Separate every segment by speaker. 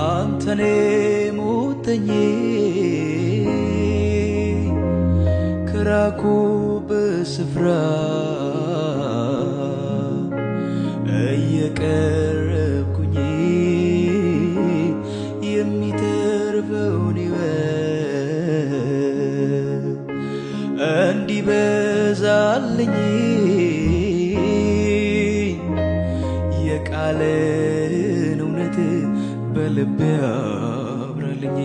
Speaker 1: አንተኔ ሙጥኝ ክራኩ በስፍራ የቀረብኩኝ የሚተርፈውን ሕይወት እንዲበዛልኝ የቃልን እውነት በልቤ ያብራልኝ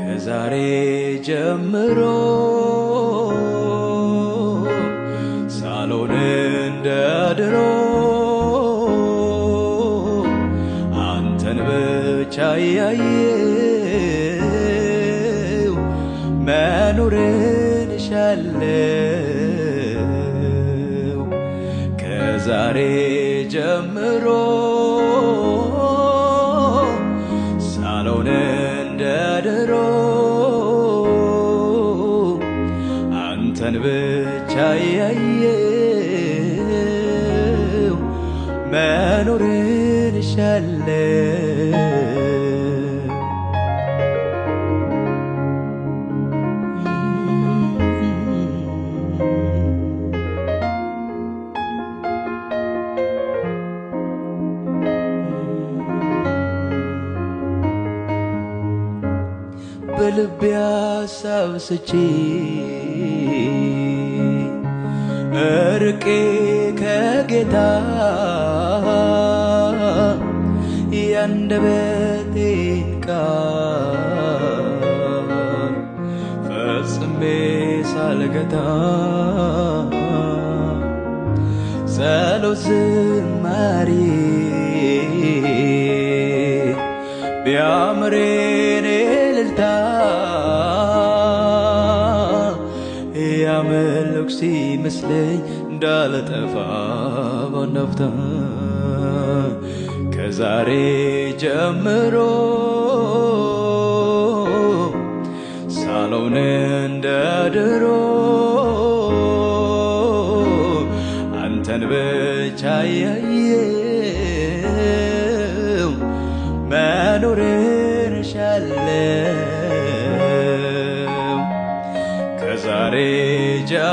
Speaker 1: ከዛሬ ጀምሮ ሳሎን እንደ እያየው መኖርን እሻለው ከዛሬ ጀምሮ ሳሎን እንደ አንተን ብቻ እያየው መኖርን እሻለው በልቤ ሀሳብ ስቼ እርቄ ከጌታ ያንደበቴ ቃል ፈጽሜ ሳልገታ ጸሎት ዝማሬ ቢያምሬኔ የሚመስለኝ እንዳለጠፋ ባናፍታ ከዛሬ ጀምሮ ሳሎን እንደ ድሮ አንተን ብቻ ያየው መኖሬ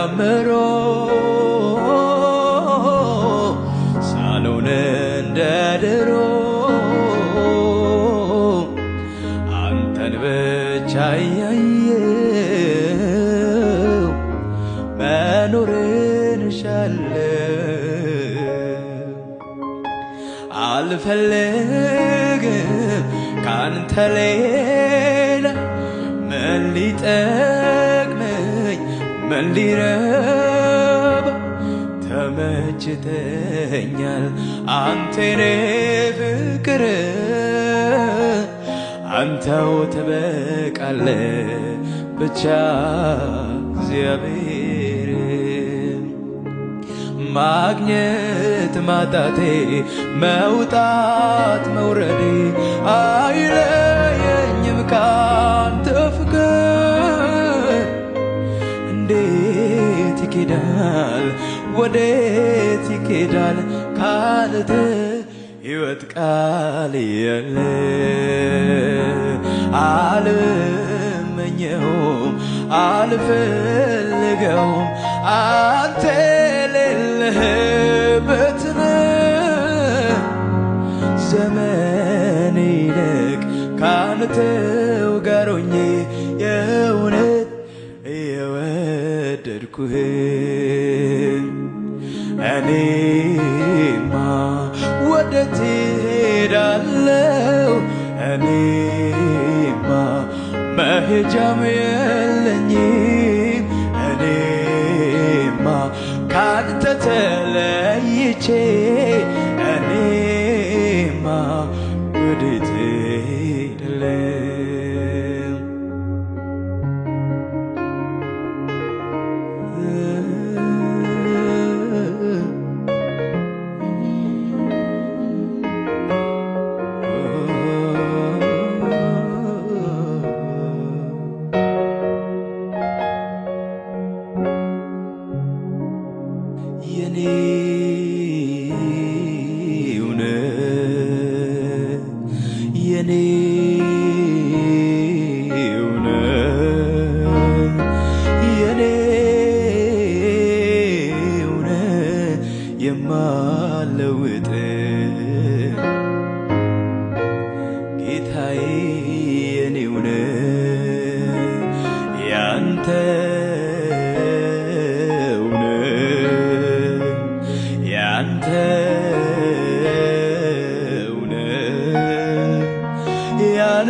Speaker 1: አምሮ ሳሎን እንደ ድሮ አንተን ብቻ እያየው መኖርን እሻለሁ አልፈልግም ካንተ ሌላ ምን እንዲረባ ተመችተኛል። አንቴኔ ፍቅር አንተው ትበቃለ ብቻ እግዚአብሔር ማግኘት ማጣቴ መውጣት መውረዴ አይለየኝም ቃል ይሄዳል? ወዴት ይኬዳል? ካንተ ሕይወት ቃል የለ አልመኘውም፣ አልፈልገውም አንተ የሌለህበት ዘመን ይልቅ ካንተው ጋር የእውነት እየወደድኩህ እኔማ መሄጃም የለኝም እኔማ ካንተ ተለይቼ